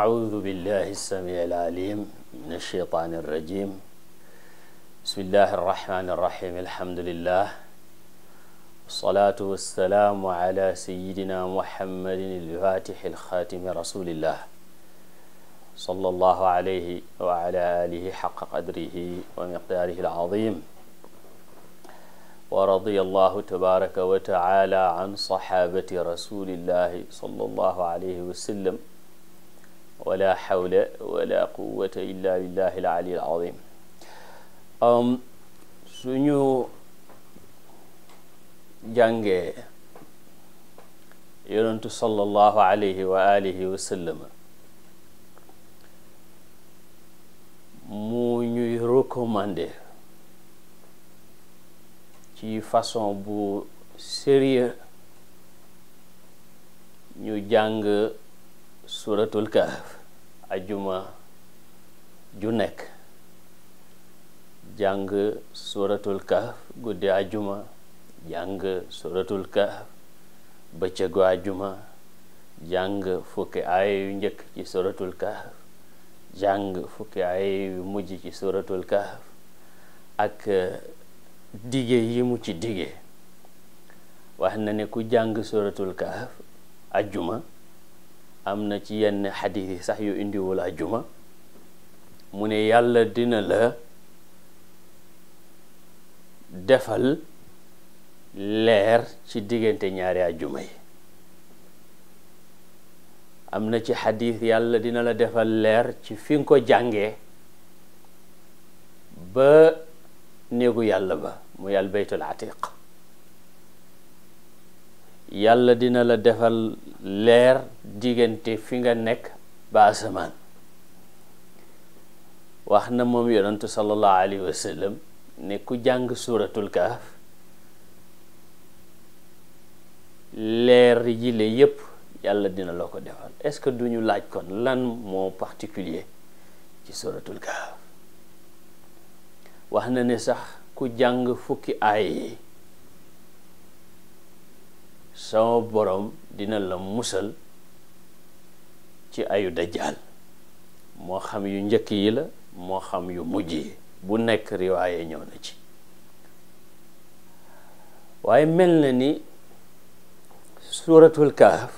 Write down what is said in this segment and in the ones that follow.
أعوذ بالله السميع العليم من الشيطان الرجيم بسم الله الرحمن الرحيم الحمد لله والصلاة والسلام على سيدنا محمد الفاتح الخاتم رسول الله صلى الله عليه وعلى آله حق قدره ومقداره العظيم ورضي الله تبارك وتعالى عن صحابة رسول الله صلى الله عليه وسلم ولا حول ولا قوة إلا بالله العلي العظيم أم سنو جنگ يرنت صلى الله عليه وآله وسلم مو نيو ركوماندي تي فاسون بو سيريه نيو جانغ suratul kahf ajuma ju nekk jàng suratul kahf guddi ajuma jàng suratul kahf bëccëgu ajuma jàng fukki aaya yu njëkk ci suratul kahf jàng fukki aaya yu mujj ci suratul kahf ak eh, dige yi mu ci dige wax na ne ku jàng suratul kahf ajuma am na ci yenn xadiis yi sax yu indiwul juma mu ne yàlla dina la defal leer ci diggante ñaari ajjuma yi am na ci xadiis yàlla dina la defal leer ci fi nga ko jàngee ba néegu yàlla ba mu yàlla baytul atiq yàlla dina la defal leer diggante fi nga nekk ba asamaan wax na moom yonentu sallallahu alayhi wa ne ku jàng suuratul kaaf leer yi la yépp yàlla dina la ko defal est-ce que duñu laaj kon lan moo particulier ci suuratul kaaf wax na ne sax ku jàng fukki aay sama borom dina la musal ci ayu dajjal moo xam yu njëkk yi la moo xam yu mujj bu nekk riwaaye ñëw na ci waaye mel na ni suuratul kaaf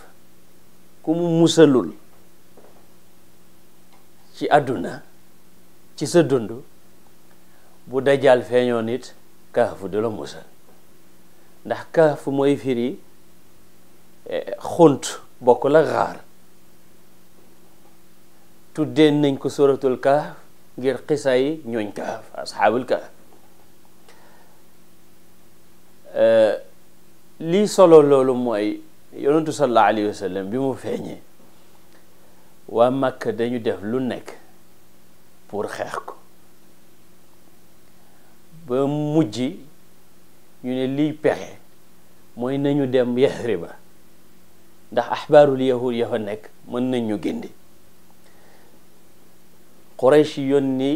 ku mu musalul ci àdduna ci sa dund bu dajjal feeñoon it kaafu du la musal ndax kaafu mooy firi xunt bokk la xaar tuddee nañ ko suratul kaaf ngir xisa yi ñooñ kaaf asxaabul kaaf eh, lii solo loolu mooy yonentu sallallahu alayhi wa bi mu feeñee waa Makka dañu def lu nekk pour xeex ko ba mu mujj ñu ne liy pexe mooy nañu dem Yaxriba ndax axbaarul yahud ya fa nekk mën nañ ñu génde Quraysh yónni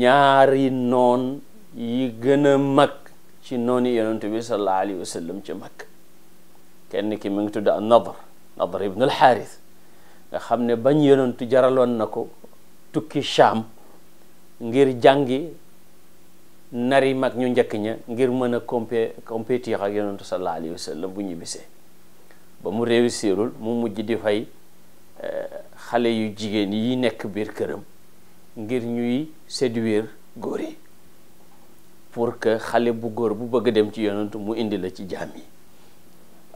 ñaari noon yi gën a mag ci nooni yonent bi sallallahu alayhi wa ci mag kenn ki mi ngi tudd a nadr nadr ibn al xaaris nga xam ne bañ yonentu jaraloon na ko tukki Sham ngir jàngi nari mag ñu njëkk ña ngir mën a compé compétir ak yonentu sallallahu alayhi wa bu ñu bisee ba mu réussirul mu mujj di fay eh, xale yu jigéen yi nekk biir këram ngir ñuy séduire góor yi pour que xale bu góor bu bëgg dem ci yonantu mu indi la ci jaam yi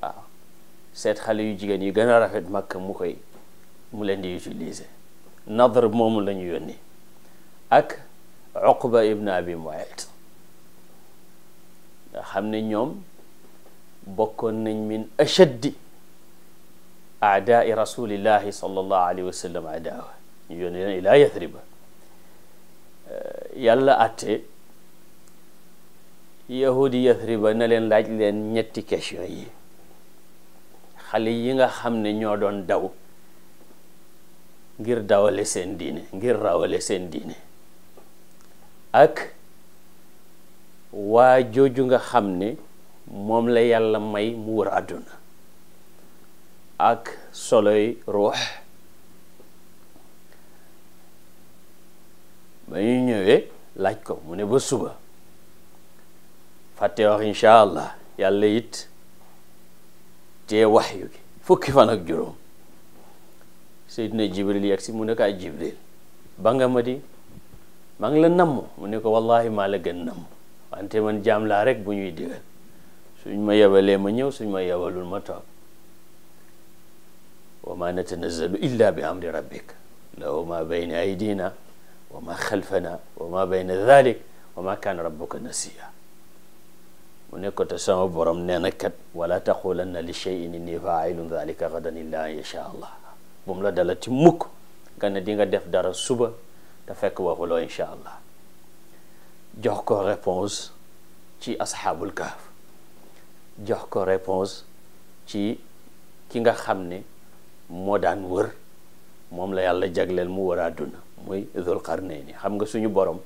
waaw seet xale yu jigéen yi gën a rafet màkk mu koy mu leen di utiliser nadar moomu lañu ñu ak Uqba ibn Abi Muayt xam ne ñoom bokkoon nañ min ashaddi aadaai rasulillahi sallallahu alayhi wa sallam adaawa ñu yónni leen ilaa yàlla atte na leen laaj leen ñetti question yi xale yi nga xam ne ñoo doon daw ngir dawale seen diine ngir rawale seen diine ak waa nga xam ne moom la yàlla may mu wër àdduna ak soloy ruux ba ñu ñëwee laaj ko mu ne ba suba fàtte wax incha allah yàlla yit tee wax fukki fan ak juróom seydina jibril yegg si mu ne ko jibril ba nga ma di maa la namm mu ne ko wallahi mala gën namm wante man jaam laa rek bu ñuy digal suñ ma yebalee ma ñëw suñ ma yebalul ma toog وما نتنزل إلا بأمر ربك له ما بين أيدينا وما خلفنا وما بين ذلك وما كان ربك نسيا ونكو تسامو برم نكت ولا تقولن لشيء إني فاعل ذلك غدا إلا إن شاء الله بملا دلت مك كان دينغا دف دار السبا تفك وغلو إن شاء الله جوكو ريبونس تي أصحاب الكهف جوكو ريبونس تي كينغا خامني moo daan wër moom la yàlla jagleel mu wër àdduna muy Zul Qarnayni xam nga suñu borom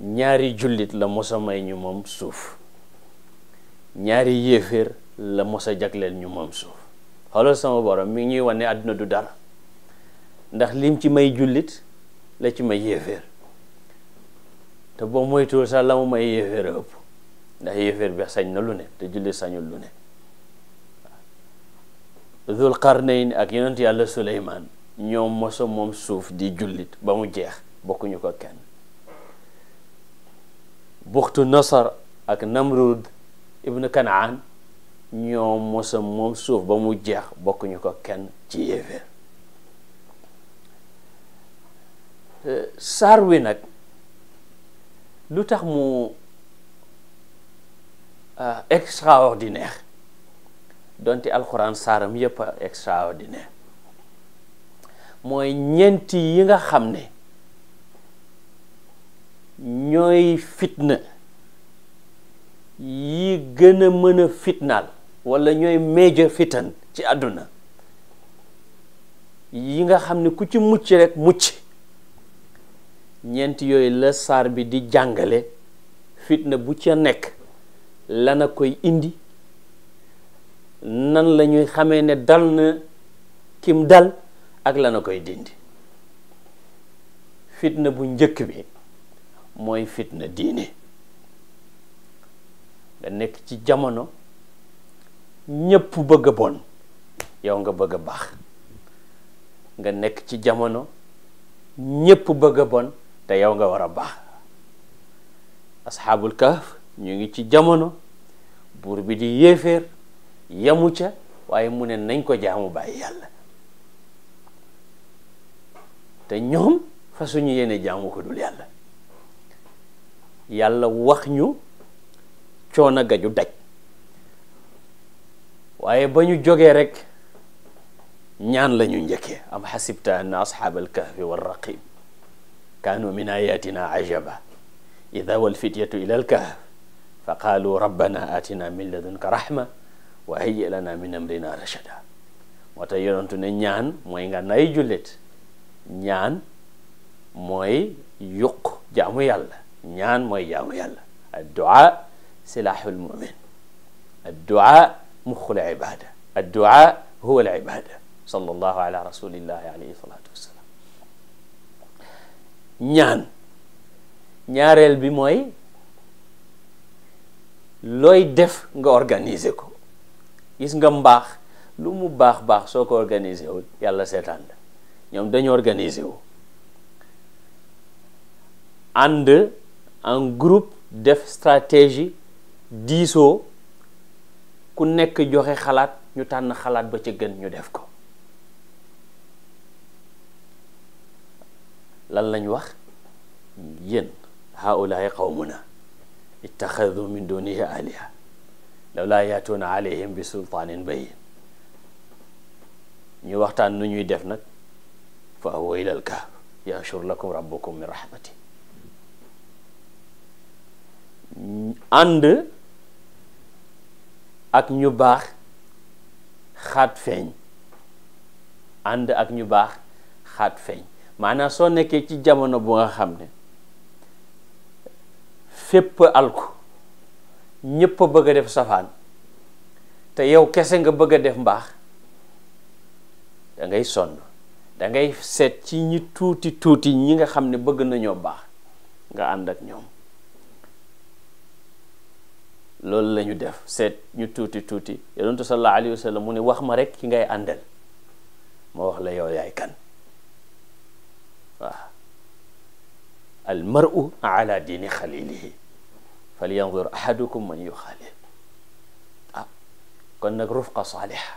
ñaari jullit la mosa may ñu moom suuf ñaari yéeféer la mosa jagleel ñu moom suuf xoolal sama borom mi ngi ñuy wane àdduna du dara ndax lim ci may jullit la ci may yéeféer te boo moytuwul sax la mu may yéeféer ëpp ndax yéeféer bi sañ na lu ne te jullit sañul lu ne ذو القرنين أكينتي على سليمان نيوم مصوم ممسوف دي جلد بمجيخ بكو نيوكا كان بخت النصر أك نمرود ابن كنعان نيوم مصوم ممسوف بمجيخ بكو نيوكا كان تيفر ساروينك لو تخمو اكستراوردينير أه donte alxuraan saaram yépp extraordinaire mooy ñeenti yi nga xam ne ñooy fitna yi gën a mën a fitnaal wala ñooy major fitan ci àdduna yi nga xam ne ku ci mucc rek mucc ñeenti yooyu la saar bi di jàngale fitna bu ci nekk lana koy indi nan lañuy ñuy xamee ne dal na kim dal ak la koy dindi fitna bu njëkk bi mooy fitna diine nga nekk ci jamono ñépp bëgg bon yow nga bëgg baax nga nekk ci jamono ñépp bëgg bon te yow nga war a baax asxaabul kahf ñu ngi ci jamono buur bi di yéeféer yamu ca waaye mu ne nañ ko jaamu bàyyi yàlla te ñoom fa suñu yéene jaamu ko dul yàlla wax ñu coono gaju daj waaye ba ñu jógee rek ñaan la ñu njëkkee am xasibta anna asxaab alkahfi walraqib kaanu min ayatina ajaba ida walfityatu ila alkahf fa qaalu rabbana atina min ladunka rahma wa hayyi lana min amrina rachada moo tax yonentu ne ñaan mooy nga nay jullit ñaan mooy yuq jaamu yàlla ñaan mooy jaamu yàlla addua silahul mumin addua muxul ibada addua huwa al ibada sallallahu ala rasulillahi alayhi salatu wassalam ñaan ñaareel bi mooy looy def nga organiser ko gis nga mbaax lu mu baax baax soo ko organisé wu yàlla seetaan la ñoom dañu organisé wu ànd en groupe def stratégie diisoo ku nekk joxe xalaat ñu tànn xalaat ba ca gën ñu def ko lan lañ wax yéen haulaay qawmuna ittaxadu min dunihi aliha لولا ياتون عليهم بسلطان بين ني وقتان نيو ديف نك فهو الى الكهف يشر لكم ربكم من رحمته عند اك نيو باخ خات فين عند اك نيو باخ خات فين معنا سو نيكي سي جامونو بوغا خامني فيب الكو ñepp bëgg def safaan te yow kese nga bëgg def mbax da ngay sonn da ngay seet ci ñi tuuti tuuti ñi nga xam ne bëgg nañoo baax nga ànd ak ñoom loolu lañu def set ñu tuuti tuuti yonentu sallallahu alayhi wasallam sallam mu ne wax ma rek ki ngay àndal ma wax la yow yaay kan waaw al mar'u ala dini khalilihi falyanzur ahadukum man yuxaalil ah kon nag rufqa saaliha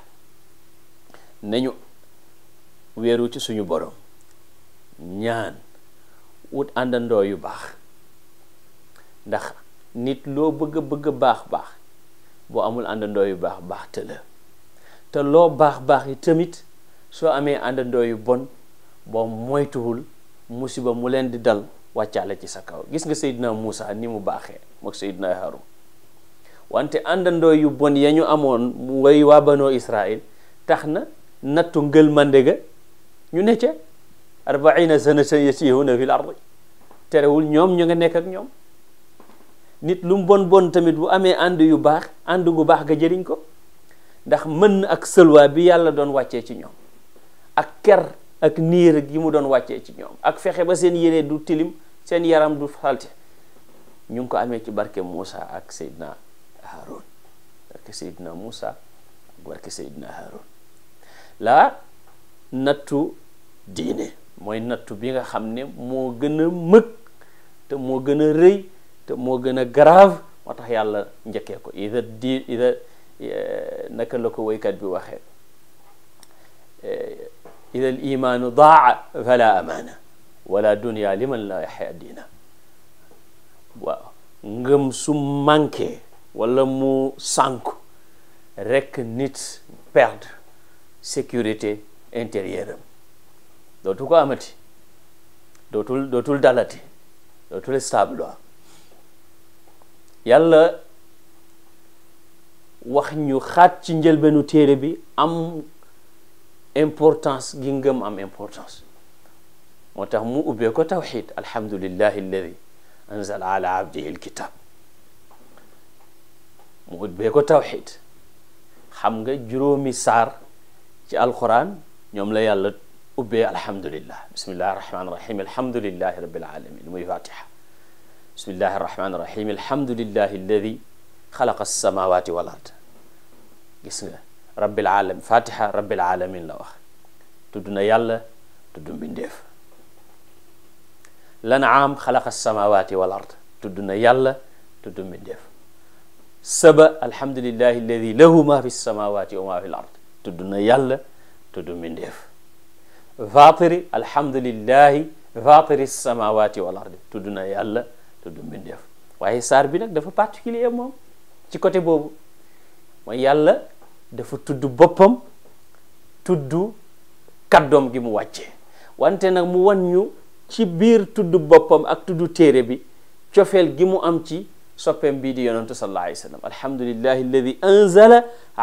nañu ci suñu borom ñaan wut àndandoo yu baax ndax nit loo bëgg bëgg baax baax boo amul àndandoo yu baax baax te la te loo baax baax yi tamit soo amee àndandoo yu bon boo moytuwul musiba mu leen di dal wàccaale ci sa kaw gis nga Seydina Muusa ni mu baaxee mook Seydina Haarun wante àndandoo yu bon ya ñu amoon way waa banoo Israil tax na nattu ngël mandega ñu ne ca arbaina sana sa yasihuna fil ardi terewul ñoom ñu nga nekk ak ñoom nit lu mu bon bon tamit bu amee ànd yu baax ànd gu baax ga jëriñ ko ndax mën na ak sëlwaa bi yàlla doon wàccee ci ñoom ak ker ak niir yi mu doon wàccee ci ñoom ak fexe ba seen yére du tilim seen yaram du salte ñu ko amee ci barke Moussa ak Seydina Haroun barke Seydina Moussa ak barke Seydina Haroun la nattu diine mooy nattu bi nga xam ne moo gën a mëg te moo gën a rëy te moo gën a grave moo tax yàlla njëkkee ko ida e, naka la ko woykat bi waxee e, ida al imaanu daa fala amaana wala dunia liman la yaxya diina waaw ngëm su manqué walla mu sànku rekk nit perdre sécurité intérieure am dootu ko amati dootul dootul dalati dootul stable yàlla wax ñu xaat ci njëlbeenu téere bi am importance gi ngëm am importance moo tax mu ubbee ko tawxid alhamdulillahi alladi anzala ala abdihi alkitab mu ubbee ko tawxid xam nga juróomi saar ci alquran ñoom la yàlla ubbee alhamdulillah bismillahi rahmani rahim alhamdulillahi rabbil alamin muy fatiha bismillahi rahmani rahim alhamdulillahi alladi xalaqa alsamawati wal ard gis nga rabbil alamin fatiha rabbil alamin la wax tudd na yàlla tudd mbindeef lan am xalaqa samawati wal ard tudd na yàlla tudd mbindeef saba alhamdulillahi alladi lahu ma fi samawati wa ma fi l ard tudd na yàlla tudd mbindeef fatiri alhamdulillahi fatiri samawati wal ard tudd na yàlla tudd mbindeef waaye saar bi nag dafa particulier moom ci côté boobu mooy yàlla dafa tudd boppam tudd kaddoom gi mu wàcce wante nag mu wan ñu ci biir tudd boppam ak tudd téere bi cofeel gi mu am ci soppeem bii di yonantu sallallahu alayhi wa sallam alhamdulillahi alladi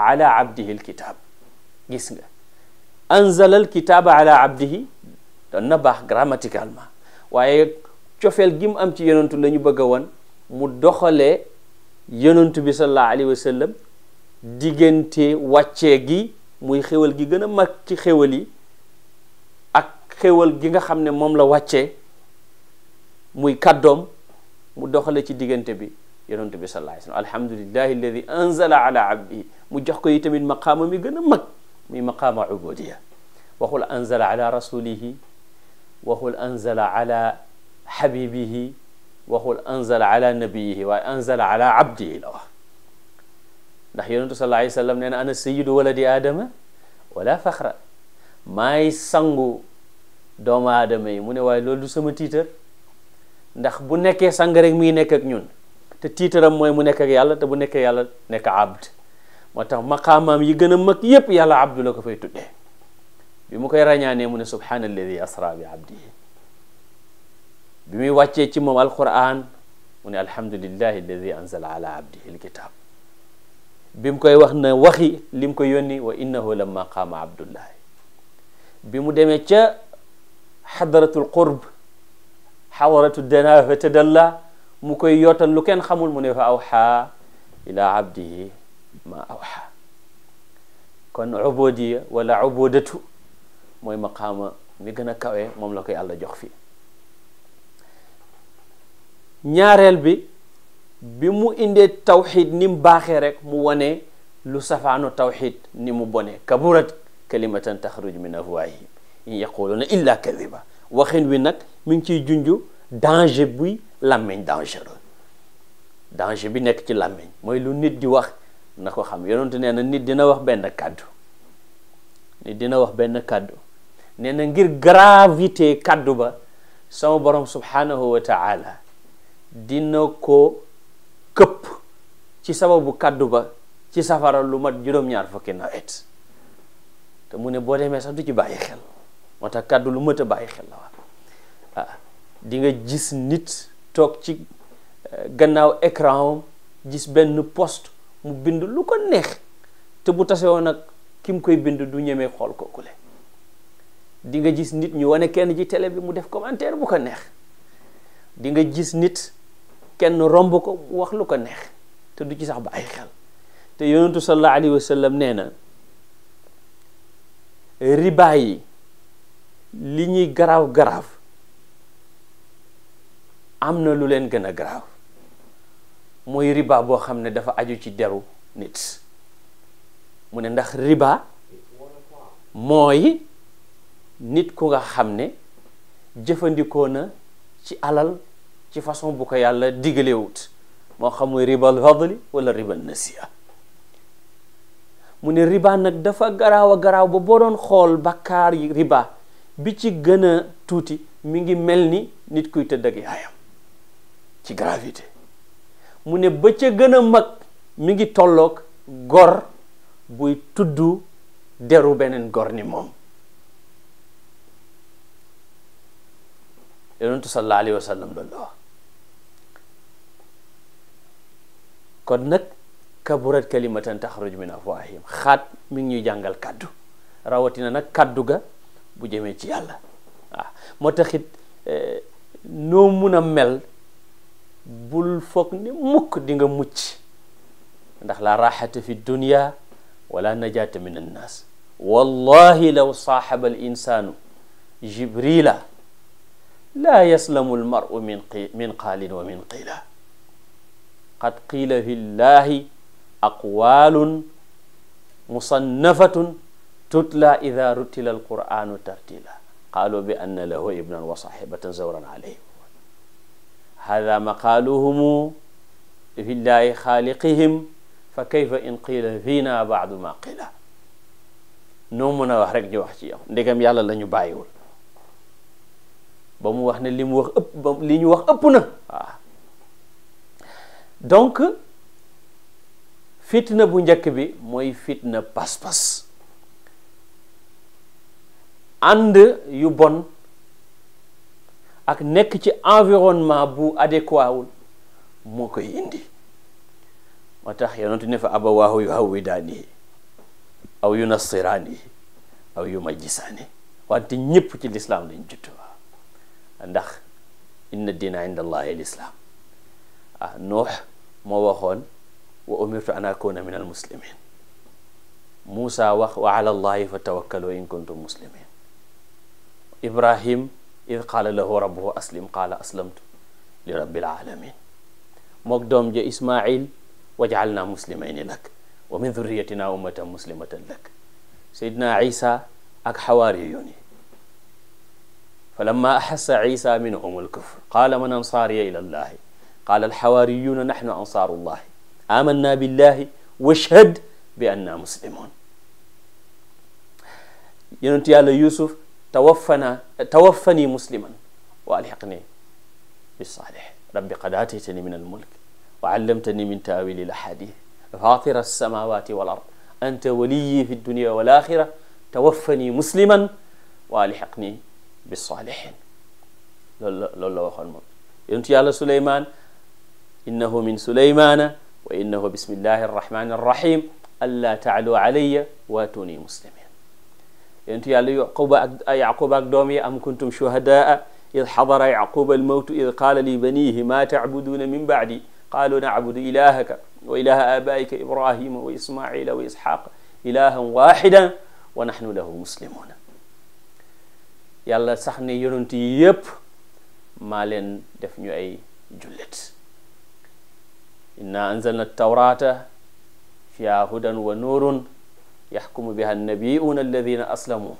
ala abdihi alkitab gis nga anzala alkitaba ala abdihi doon na baax grammaticalement waaye cofeel gi mu am ci yonantu lañu ñu bëgg a woon mu doxalee yonantu bi sallallahu alayhi wa sallam diggante wàccee gi muy xéwal gi gën a mag ci xéwal yi xéewal gi nga xam ne moom la wàccee muy kàddoom mu doxale ci diggante bi yonent bi sallallahu alayhi wa sallam alhamdulillahi alladi anzala ala abdihi mu jox ko yi tamit maqaama mi gën a mag muy maqaama ubudiya waxul anzala ala rasulihi waxul anzala ala habibihi waxul anzala ala nabiyihi waaye anzala ala abdihi la wax ndax yonentu sallallahu alayhi wa sallam nee na ana sayyidu waladi aadama wala faxra maay sangu doomu aadama yi mu ne waaye loolu sama tiitar ndax bu nekkee sang rek muy nekk ak ñun te tiitaram mooy mu nekk ak yàlla te bu nekkee yàlla nekk abd moo tax maqaamaam yi gën a mag yépp yàlla abdu la ko fay tuddee bi mu koy ràññaanee mu ne subhaanalladi asra bi abdihi bi muy wàccee ci moom alquran mu ne alhamdulillahi alladi anzala ala abdihi alkitab bi mu koy wax na waxi lim koy ko yónni wa innahu lamma qaama abdullahi bi mu demee ca حضرة القرب حضرة الدناء فتدلى مكيوتا لكن خمو المنفى أوحى إلى عبده ما أوحى كن عبودية ولا عبودته موي مقام ميغنا كاوي مملكة الله جخفي ñaarel bi bi mu indee tawxid ni mu baaxee rek mu wone lu safaanu tawxid ni mu bone kaburat يقولون إلا كذبا وخين وينك من كي جنجو دانجي بوي لامين دانجرو دانجي بينك كي لامين موي لو نيت دي واخ نكو خام يونت نينا نيت دينا واخ بن كادو نيت دينا واخ بن كادو نينا غير غرافيتي كادو با سما بروم سبحانه وتعالى دينوكو كب تي سبب كادو با تي سفارا لو مات جوروم نيار فكي نويت te mu ne boo demee moo tax kàddu lu mët bàyyi xel la waaw ah, di nga gis nit toog ci eh, gannaaw écran gis benn post mu bind lu ko neex te bu tase woon nag ki mu koy bind du ñemee xool ko kule di nga gis nit ñu wane kenn ci télé bi mu def commentaire bu ko neex dinga jis nit kenn romb ko mu wax lu ko neex te du ci sax ba ay xel te yonentu sallallahu alayhi wa sallam nee na riba li ñuy garaaw garaaw am na lu leen gën a garaaw mooy ribaa boo xam ne dafa aju ci deru nit mu ne ndax ribaa mooy nit ku nga xam ne jëfandikoo na ci alal ci façon bu ko yàlla digalewut moo xam muy ribal fadli wala ribal nasiya mu ne riba nag dafa garaaw garaaw ba boo doon xool bakkaar yi riba bi ci gën tuuti mi ngi mel ni nit kuy tëdd ak yaayam ci gravité mu ne ba ca gën a mag mi ngi tollook gor buy tudd deru beneen gor ni moom yonentu sallallahu alayhi wa sallam loolu la wax kon nag kaburat kalimatan taxruj min afwahim xaat mi ngi ñuy jàngal kàddu rawatina nag kàddu ga bu jeme ci yàlla wa moo taxit noo mun mel bul foog ni mukk di nga mucc ndax la raxata fi dunya wala najata min nas wallahi law saaxaba al insaanu jibrila laa yaslamu al من min min qaalin wa قيل qiila qad qiila fi تتلى إذا رتل القرآن ترتيلا قالوا بأن له ابنا وصاحبة زورا عليه هذا ما مقالهم في الله خالقهم فكيف إن قيل فينا بعض ما قيل نومنا وحرق جوحتي نجم يالا لن يبايول بمو وحنا لن يوخ أبنا دونك فتنة بنجك بي موي فتنة باس باس ànd yu bon ak nekk ci environnement bu adéquat wul moo koy indi moo tax yonentu ne fa abawaahu yu hawwidaanihi aw yu nasiraanihi aw yu majjisaani wante ñëpp ci lislaam lañ juttu ndax inna diina inda allahi lislaam ah nuux moo waxoon wa umirtu an akuna min almuslimin muusa wax wa ala allahi fa tawakkalu in kuntum muslimin إبراهيم إذ قال له ربه أسلم قال أسلمت لرب العالمين موك دوم جي إسماعيل وجعلنا مسلمين لك ومن ذريتنا أمة مسلمة لك سيدنا عيسى أك حواريوني فلما أحس عيسى منهم الكفر قال من أنصاري إلى الله قال الحواريون نحن أنصار الله آمنا بالله واشهد بأننا مسلمون ينتي على يوسف توفنا توفني مسلما والحقني بالصالح ربي قد اتيتني من الملك وعلمتني من تاويل الاحاديث فاطر السماوات والارض انت ولي في الدنيا والاخره توفني مسلما والحقني بالصالحين لولا لا وخون مم ينت يالا سليمان انه من سليمان وانه بسم الله الرحمن الرحيم الا تعلو علي واتوني مسلمين أنت يعني يا يعقوب يعقوب أقدومي أم كنتم شهداء إذ حضر يعقوب الموت إذ قال لبنيه ما تعبدون من بعدي قالوا نعبد إلهك وإله آبائك إبراهيم وإسماعيل وإسحاق إلها واحدا ونحن له مسلمون يلا سخني يرنتي يب مالن دفنو أي جلت إنا أنزلنا التوراة فيها هدى ونور yaxkumu biha annabiyuun alladina aslamu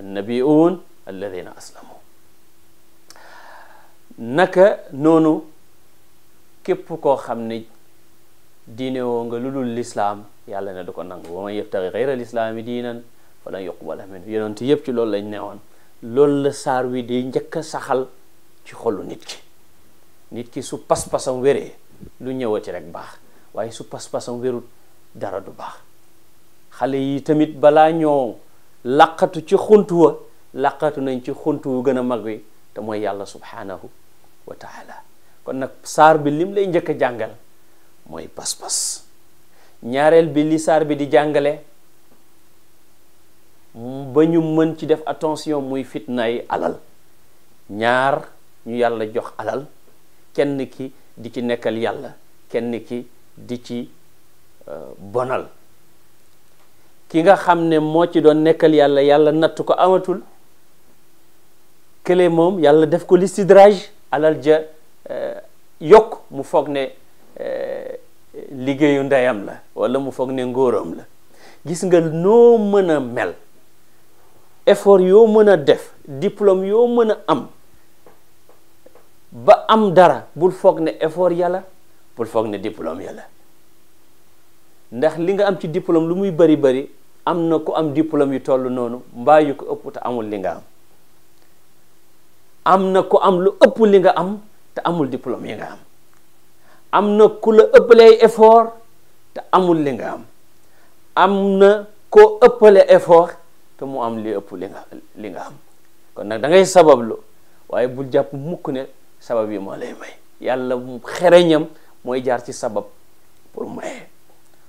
annabiyuun alladina aslamu naka noonu képp koo xam ne diine woo nga lu dul lislaam yàlla ne du ko nangu wa man yabtagi gayra lislaami diinan falan yuqbala minhu yonent yëpp ci loolu lañ newoon loolu la saar wi di njëkk a saxal ci xolu nit ki nit ki su pas-pasam wéree lu ñëwati rek baax waaye su pas-pasam wérut dara du baax xale yi tamit balaa ñoo laqatu ci xuntu wa laqatu nañ ci xuntu wu gën a mag wi te mooy yàlla subhanahu wa taala kon nag saar bi lim lay njëkk a jàngal mooy pas-pas ñaareel bi li saar bi di jàngale ba ñu mën ci def attention muy fitnaay alal ñaar ñu yàlla jox alal kenn ki di ci nekkal yàlla kenn ki di ci bonal ki nga xam ne moo ci doon nekkal yàlla yàlla natt ko amatul kële moom yàlla def ko listidraaj alal ja eh, yokk mu foog ne eh, liggéeyu ndeyam la wala mu foog ne ngóoram la gis nga noo mën a mel effort yoo mën a def diplôme yoo mën a am ba am dara bul foog ne effort yàlla bul foog ne diplôme yalla ndax li nga am ci diplôme lu muy bari bari am na ku am diplôme yu toll noonu mbaa yu ko ëpp te amul li nga am am na ku am ëpp li nga am te amul diplôme yi nga am am na ku la ëppalee effort te amul li nga am am na ëppale effort mu am li ëpp li nga am kon nag dangay ngay sabablu waaye bul jàpp mukk ne sabab yi moo lay may yàlla xereñam mooy jaar ci sabab pour maye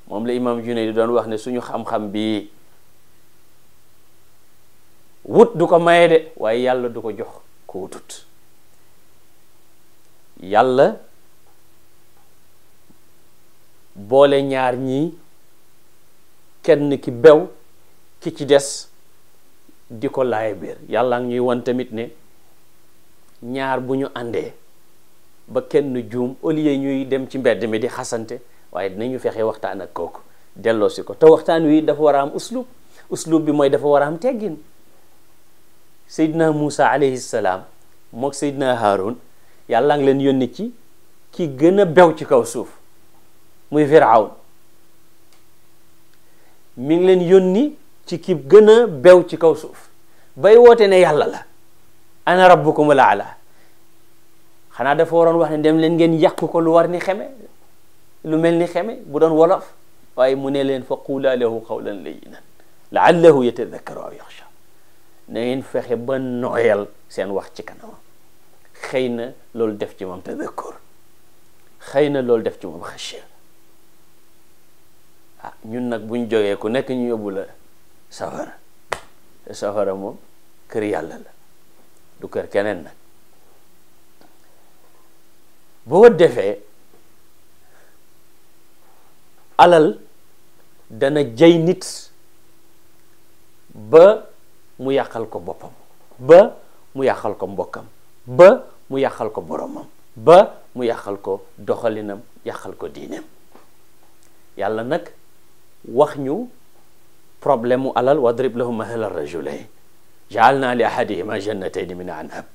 moom la imaam Junayd doon wax ne suñu xam-xam bi wut du ko maye de waaye yàlla du ko jox ko wutut yàlla boole ñaar ñii kenn ki bew ki ci des di ko laay biir yàlla ñuy wan tamit ne ñaar bu ñu àndee ba kenn juum au lieu ñuy dem ci mbedd mi di xasante waaye dinañu fexe waxtaan ak kooku delloo si ko te waxtaan wi dafa war a am uslub uslub bi mooy dafa war a am teggin Seydina Moussa alayhi mook moog Seydina Haroun yàlla ngi leen yónni ci ki gën a bew ci kaw suuf muy Firawn mi ngi leen yónni ci ki gën a bew ci kaw suuf bay woote ne yàlla la ana rabbukumul aala xanaa dafa waroon wax ne dem leen ngeen yàq ko lu war ni xeme lu mel ni xeme bu doon wolof waaye mu ne leen fa quulaa lahu qawlan layyinan laallahu yatadakkaru aw yaxsha na ngeen fexe ba nooyal seen wax ci kanamam xëy na loolu def ci moom tadakkur xëy na loolu def ci moom xashiya ah ñun nag buñ jógee ku nekk ñu yóbbu la safara te safara moom kër yàlla la du kër keneen nag boo defee alal dana jay nit ba mu yàqal ko boppam ba mu yàqal ko mbokkam ba mu yàqal ko boromam ba mu yàqal ko doxalinam yàqal ko diineem yàlla nag wax ñu problème mu alal wadrib lahum mahala rajulayn jaalna li ahadihima jannatayn min anhab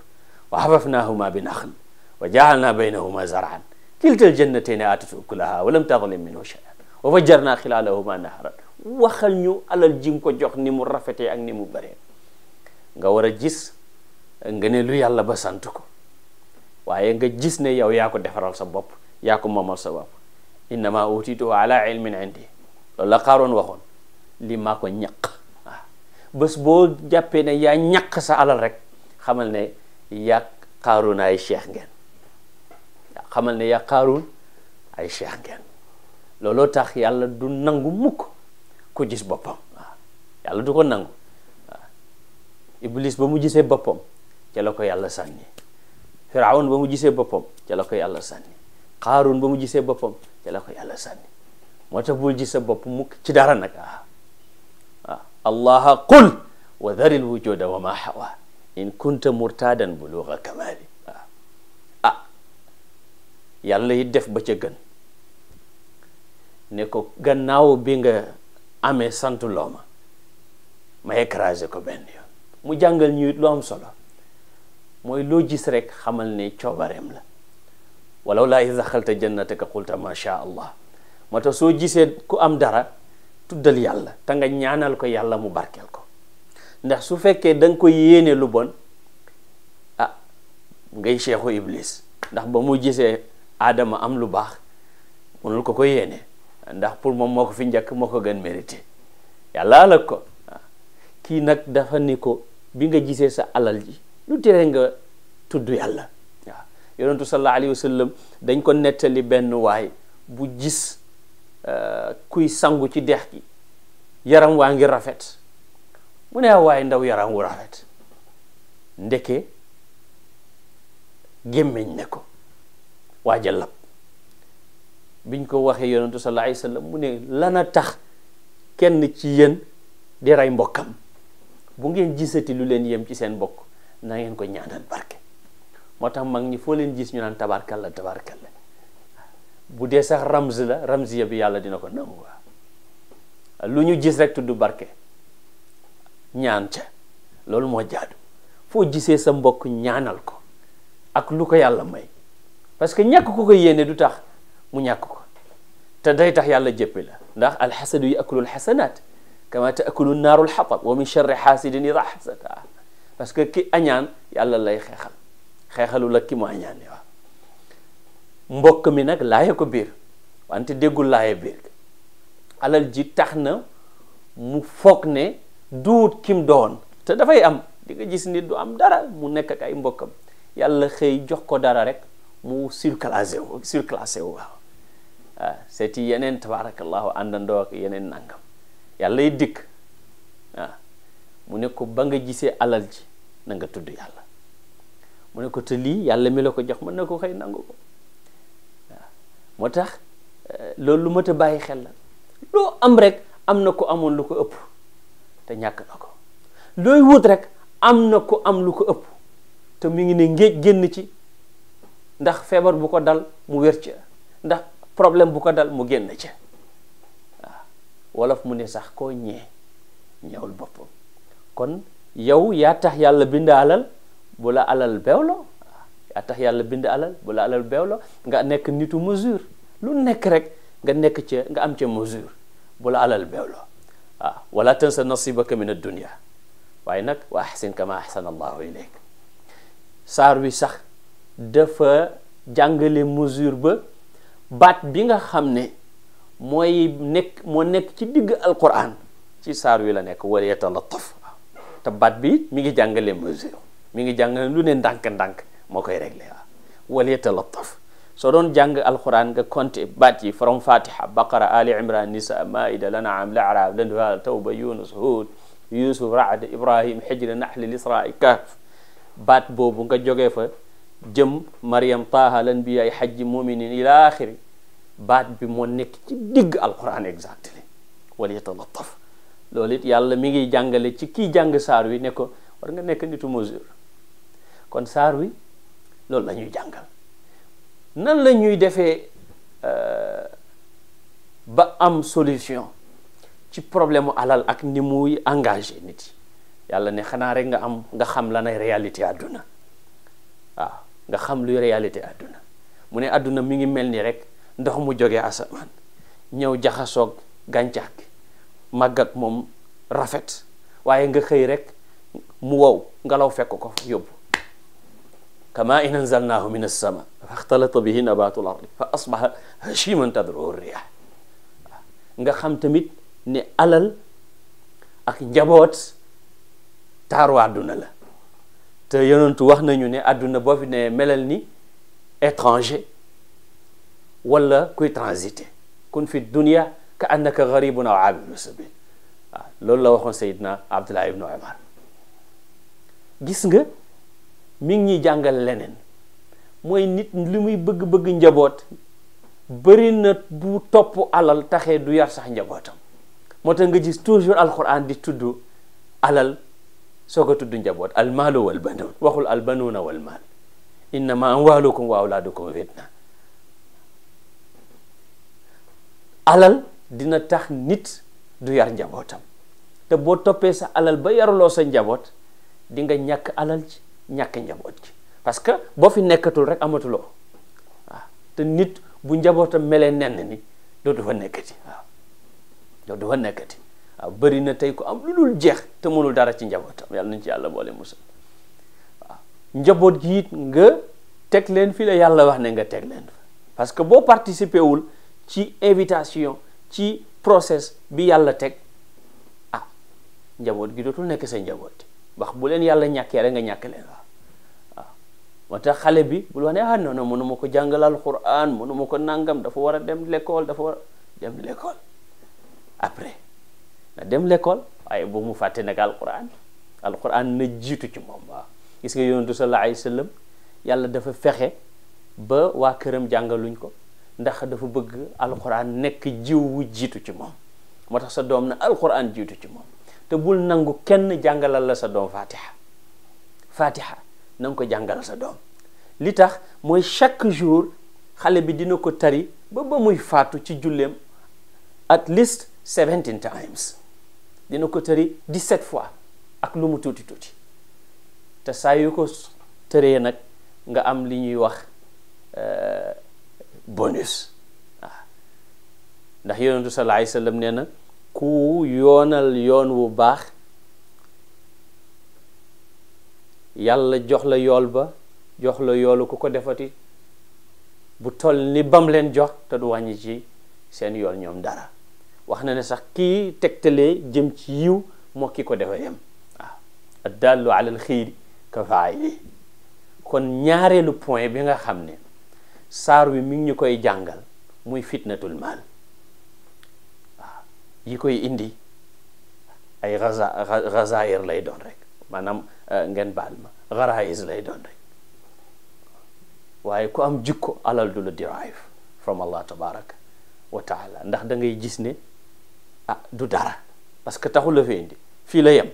wa xafafnahuma bi naxl wa jaalna baynahuma zaraan kiltal jannatayn atat ukulaha wa lam tadlim minhu shay wa fajjarnaa xilaalahuma naharan waxal ñu alal ji ko jox ni mu rafete ak ni mu bare nga war a gis nga ne lu yàlla ba sant ko waaye nga jis ne yow yaa ko defaral sa bopp yaa ko moomal sa bopp innama utiituhu ala ilmin waxoon li mako ko ñaq waaw bés boo jàppee ne ya ñaq sa alal rek xamal ne yaa xaaroon ay cheikh ngeen xamal ne yaa ay cheikh ngeen looloo tax yàlla du nangu mukk ku gis boppam waaw du ko nangu waaw iblis ba mu jisee boppam ca la ko yàlla sànni firawn ba mu jisee boppam ca la ko yàlla sànni xaarun ba mu jisee boppam ca la ko yàlla sànni moo tax bul gis sa bopp mukk ci dara nag ah waaw allaha qul wa daril wujuda wa ma hawa in kunta murtadan buluga kamali ah yàlla it def ba ca gën ne ko gannaaw bi nga amee sant loo ma ma écrasé ko benn yoon mu jàngal ñu it lu am solo mooy loo gis rek xamal ne coobareem la walaw laa iz daxalta jannataka qulta ma sha allah moo tax soo gisee ku am dara tuddal yàlla te nga ñaanal ko yàlla mu barkeel ko ndax su fekkee danga nga ko yéene lu bon a ah, ngay cheikhu iblis ndax ba mu gisee aadama am lu baax mënul ko ko yéene ndax pour moom moo ko fi njëkk moo ko gën mérité yàlla la ko kii nag dafa ni ko bi nga gisee sa alal ji lu tere nga tudd yàlla waaw dañ ko nettali benn waay bu gis euh, kuy sangu ci dex gi yaram waa ngi rafet mu ne ah, waaye ndaw yaram wu rafet ndeke gémmiñ ne ko waajal lab biñ ko waxe yonentu sallallahu alayhi wasallam mune lana tax kenn ci yeen di ray mbokam bu ngeen gisati lu len yem ci sen mbokk na ngeen ko ñaanal barke motax mag ni fo len gis ñu nan tabarakallah tabarakallah bu dee sax ramz la ya bi yalla dina ko wa lu ñu gis rek tuddu barke ñaan ca loolu mo jaadu fo gisee sa mbok ñaanal ko ak lu ko yalla may parce que ñak ko ko yene du tax mu ñàkk ko te day tax yàlla jëppi la ndax alxasadu yakulul xasanaat kama taakulu naaru lxatab wa min charri xaasidin ida xasad parce que ki añaan yàlla lay xeexal xeexalu la ki mu añaane waaw mbokk mi nag laaye ko biir wante déggul laaye biir alal ji tax na mu fok ne duut kim doon te dafay am di nga gis nit du am dara mu nekk ay mbokkam yàlla xëy jox ko dara rek mu surclassé wu surclassé wu waaw waaw ah, seeti yeneen tabarakallahu àndandoo ak yeneen nangam yàlla dikk ah, mu ne ko ba nga gisee alal ji na nga tudd yàlla mu ne ko lii yàlla mi la ko jox mën na ko xëy nangu ah, moo tax eh, loolu lu mat a bàyyi xel la loo am rek am na ko amoon lu ko ëpp te ñàkk na looy wut rek am na ko am lu ko ëpp te mu ngi ne ngéej génn ci ndax feebar bu ko dal mu wér ci ndax problème bu ko dal mu génn ca waaw wolof mu ne sax ko ñee ñëwul boppam kon yow yaa tax yàlla bind alal bu la alal beewloo yaa tax yàlla bind alal bu la alal beewloo nga nekk nitu mesure lu nekk rek nga nekk ca nga am ca mesure bu la alal beewloo waaw wala tansa nasibaka min ad-dunya waaye nag wa ahsin kama ahsana allahu ilayk saar wi sax dafa jàngale mesure ba bat bi nga xam ne mooy nekk moo nekk ci digg alquran ci saar wi la nekk wala yatalattaf te bat bi mi ngi jàngale mesure mi ngi jàngale lu ne ndànk-ndànk moo koy réglé waaw wala yatalattaf soo doon jàng alquran nga compté bat yi from fatiha baqara ali imran nisa maida am la arab lan landufaal tawba yunus hud yusuf raad ibrahim xijri naxli lisra kaf bat boobu nga jógee fa jëm Maryam Taaha lan bi ay xajji muminin ila axiri baat bi moo nekk ci digg alquran exactement wala yatalattaf loolu it yàlla mi ngi jàngale ci kii jàng saar wi ne ko war nga nekk nitu mesure kon saar wi loolu la ñuy jàngal nan la ñuy defee euh, ba am solution ci problème mu alal ak ni muy engagé nit yi yàlla ne xanaa rek nga am nga xam lanay réalité àdduna nga xam lu réalité àdduna mu ne àdduna mi ngi mel ni rek ndox mu joge asamaan ñëw jaxasoog gàncax gi màgg ak moom rafet waaye nga xëy rek mu wow ngelaw fekk ko fa yóbbu kama in anzalnaahu min sama fa xtalata bihi nabatu l ardi fa asbaha hashiman tadruhu riyah nga xam tamit ni alal ak njaboot taaru àdduna la te yonentu wax nañu ne àdduna boo fi ne melal ni étranger wala kuy transité kun fi dunia ka annaka garibun aw abidu sabil waaw la waxoon sayidna abdullah ibnu omar gis nga mi ngi jàngal leneen mooy nit li bëgg-bëgg njaboot bëri na bu topp alal taxee du yar sax njabootam moo nga gis toujours alquran di tudd alal soko tuddu njabot al malu wal banuun waxul banuna wal inna ma amwaalukum wa auladukum fitna alal dina tax nit du yar njabotam te bo topé sa alal ba lo sa njabot di nga ñak alal ci ñak njabot ci parce que bo fi nekatul rek amatuloo te nit bu njabotam melé nenn ni do do fa nekati do do fa nekati Ah, bari na tay ko am lulul jeex te mënul dara ci njabootam yalla nañ ci yàlla boole musal ah, njaboot gi it nga teg leen fi la yalla wax ne nga teg leen parce que boo participer wul ci invitation ci process bi yalla teg ah njaboot gi dootul nekk sa njaboot wax bu leen yalla ñàkkee rek nga ñàkk leen wax ah, waaw xale bi bu wax ah non non ko Quran mënu ko nangam dafa war a dem l'école dafa war dem l'école après na dem lekkool waaye bu mu fàtte nag alquran alquran na jiitu ci moom waaw gis nga yonentu sallallahu alayhi wasallam yàlla dafa fexe ba waa këram jàngaluñ ko ndax dafa bëgg alquran nekk jiw wu jiitu ci moom moo tax sa doom na alquran jiitu ci moom te bul nangu kenn jàngalal la sa doom fatiha fatiha na ko jàngalal sa doom li tax mooy chaque jour xale bi dina ko tari ba ba muy faatu ci julleem at least 17 times dina ko tëri 17 fois ak lu mu tuuti tuuti te saa yu ko tëree nag nga am li ñuy wax eh, bonus waaw ah. ndax yonentu sallallahu alayhi wasallam nee ku yoonal yon wu baax yàlla jox la yool ba jox la yoolu ku ko defati bu toll ni bam leen jox te du wàññi ci seen yool ñoom dara wax na ne sax kii tegtalee jëm ci yiw moo ki ko defa yem waaw addallu ala alxayri ka faayili kon ñaareelu point bi nga xam ne saar wi mi ñu koy jàngal muy fitnatul maal yi koy indi ay gaza gazair lay doon rek maanaam euh, ngeen baal ma garaïs lay doon rek waaye ku am jikko alal du la derive from allah tabaraka wa ndax da ngay gis ne ah du dara parce que taxul la fi indi fii la yem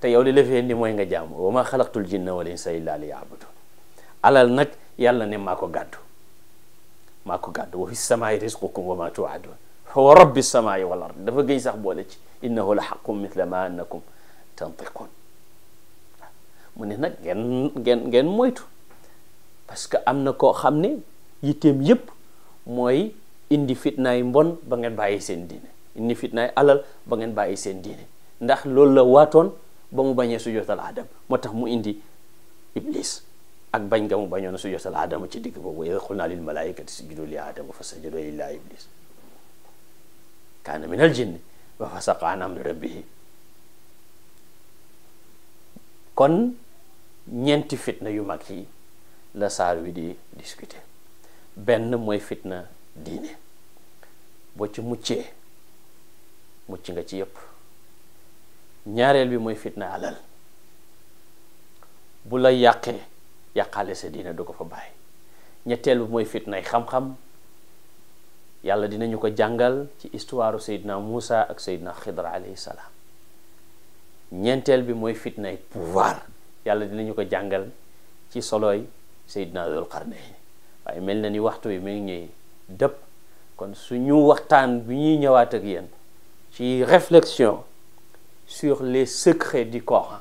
te yow li la fi indi mooy nga jaamu wa ma xalaqtul jinna wal insa illa li yaabudun alal nag yàlla ne maa ko gàddu maa ko gàddu wa fi samaai risqukum wa ma tuadun fa wa rabbi samaai wal sax boole ci innahu la xaqum mithla ma annakum tantiqun mu ne nag ngeen ngeen ngeen moytu parce que am na koo xam ne yitteem yépp mooy indi fitnaay mbon ba ngeen bàyyi seen diine indi fitnaay alal ba ngeen bàyyi seen diine ndax loolu la waatoon ba mu bañee sujootal aadam moo tax mu indi iblis ak bañ nga mu bañoon sujootal aadama ci digg boobu id qulna lil malaikati sujudu li aadama fa sajadu illa iblis kaana min kon ñeenti fitna yu mag yi la saar wi di discuter benn mooy fitna diine boo ci muccee mucc nga ci yépp ñaareel bi mooy fitna alal bu la yàqee yàqaale sa diine du ko fa bàyyi ñetteel bi mooy fitnay xam-xam yàlla dinañu ko jàngal ci histoire Seydina Moussa ak Seydina Khidr alayhi salaam ñeenteel bi mooy fitnay pouvoir yàlla dinañu ko jàngal ci soloy Seydina Dul Qarnayn waaye mel na ni waxtu wi mi ngi ñëw dëpp kon suñu waxtaan bi ñuy ñëwaat ak yéen une réflexion sur les secrets du Coran,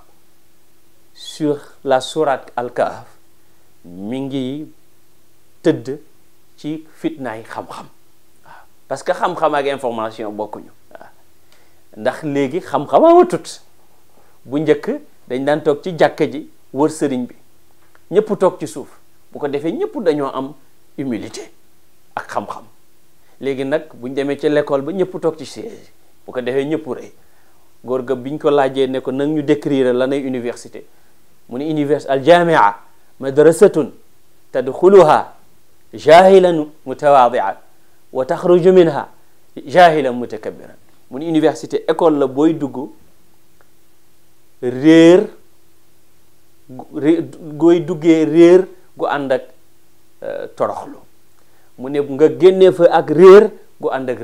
sur la sourate Al-Kahf Mingi ci parce que xam-xam ak information beaucoup ndax xam-xam tout. bu dañ dan tok ci jakk ji wër sëriñ bi ci am humilité ak xam-xam nak buñ ci l'école bu ko defee ñëpp rey góor ga biñ ko laajee ne ko nag ñu décrire lanay université mu ne université al jamia madrasatun tadxuluha jahilan mutawaadian wa taxruju minha jahilan mutakabiran mu ne université école la booy dugg réer gooy duggee réer gu ànd ak euh, toroxlu mu ne nga génnee fa ak réer gu ànd ak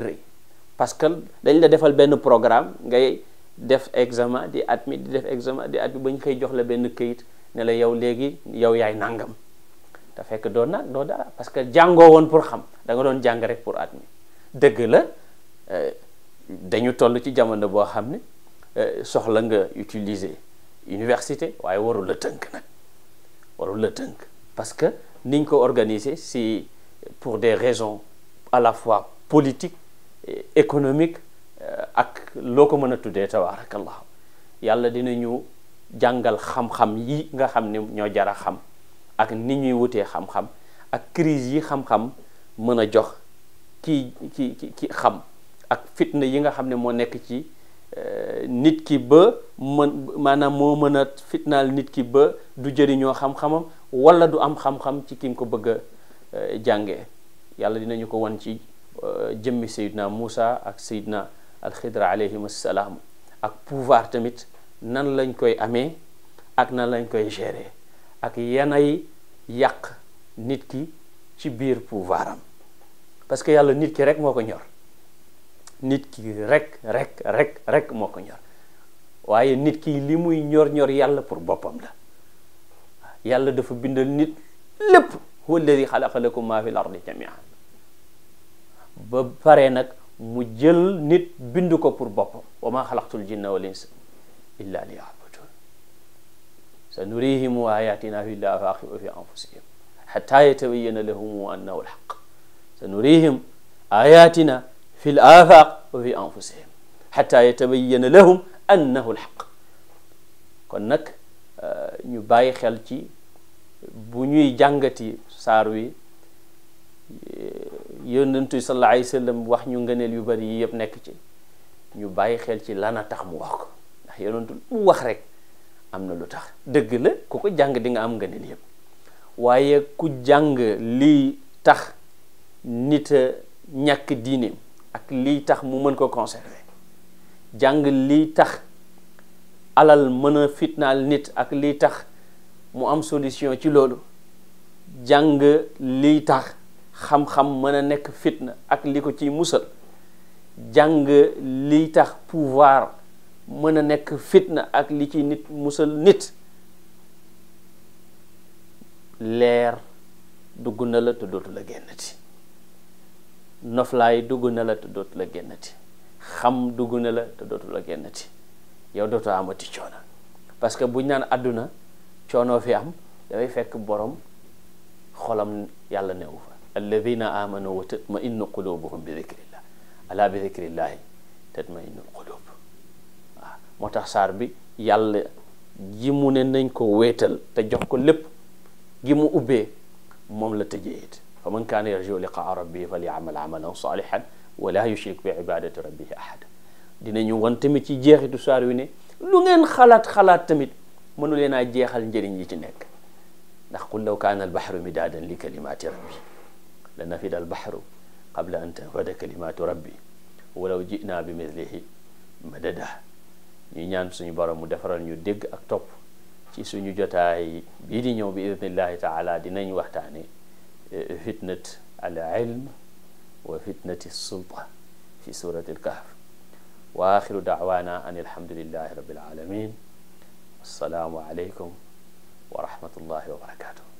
parce que dañ la programme ngay def examen di admis di def examen di admis jox la ne la yow yow nangam dara parce que jàngoo pour xam da nga rek pour admis la euh, dañu toll ci jamono euh, soxla nga utiliser université waye waru le parce que niñ ko organiser pour des raisons à la fois politiques économique euh, ak loo ko mën a tuddee tabaarakallah yàlla dina dinañu jàngal xam-xam yi nga xam ne ñoo jara xam ak ni ñuy wutee xam-xam ak crise yi xam mën a jox ki ki ki xam ak fitna yi nga xam ne moo nekk ci euh, nit ki ba mën maanaam moo mën a fitnaal nit ki ba du jëriñoo xam-xamam wala du am xam-xam ci kim ko bëgg a euh, jàngee yàlla dinañu ko wan ci jëmmi sayidna musa ak al alxidra alayhim assalaam ak pouvoir tamit nan lañ koy amé ak nan lañ koy gérer ak yanay yàq nit ki ci biir pouvoir parce que yàlla nit ki rek moo ko ñor nit ki rek rek rek rek moo ko ñor waaye nit ki li muy ñor ñor yàlla pour boppam la yàlla dafa bindal nit lépp huwa alladi xalaqa lakum ma fi ardi jamian ba pare nag mu jël nit bind ko pour boppam wa ma xalaqtul jinna wal insa illa li yabudun sa nurihim ayatina fi afaqi wa fi anfusihim xata yatabayana lahum annahu alxaq sa nurihim ayatina fi l afaq wa fi anfusihim xata yatabayana lahum annahu alxaq kon nag euh, ñu bàyyi xel ci bu ñuy jàngati saar wi yonentu sallallahu alayhi wax ñu ngëneel yu bari yi yëpp nekk ci ñu bàyyi xel ci lana tax mu wax ko ndax yonentu lu wax rek am na lu tax dëgg la ku ko jàng di nga am ngëneel yëpp waaye ku jàng lii tax nit a ñàkk diine ak lii tax mu mën ko conserver jàng lii tax alal mën a fitnaal nit ak lii tax mu am solution ci loolu jàng li tax xam-xam mën a nekk fitna ak li ko ci musal jàng liy tax pouvoir mën a nekk fitna ak li ci nit musal nit leer dugg na la te dootu la génnati noflaay dugg na la te dootu la génnati xam dugg na la te dootu la génnati yow dootu amati coono parce bu buñ naan àdduna coono fi am dafay fekk borom xolam yàlla newu fa الذين آمنوا وتطمئن قلوبهم بذكر الله ألا بذكر الله تطمئن القلوب متحصار بي يال جيمو نينكو ويتل تجوكو لب جيمو أبي مملة جيد فمن كان يرجو لقاء ربه فليعمل عملا صالحا ولا يشرك بعبادة ربه أحد دينا نيو وانتمي تي جيخي تساروي ني خلات خلات تميت منو لينا جيخال نجرين جي نقول لو كان البحر مدادا لكلمات ربي لنفد البحر قبل أن تنفد كلمات ربي ولو جئنا بمثله مددا نيان سوني بارا مدفرا نيو ديغ تي سوني جوتاي بي دي باذن الله تعالى دي وقتاني فتنه العلم وفتنه السلطه في سوره الكهف واخر دعوانا ان الحمد لله رب العالمين السلام عليكم ورحمه الله وبركاته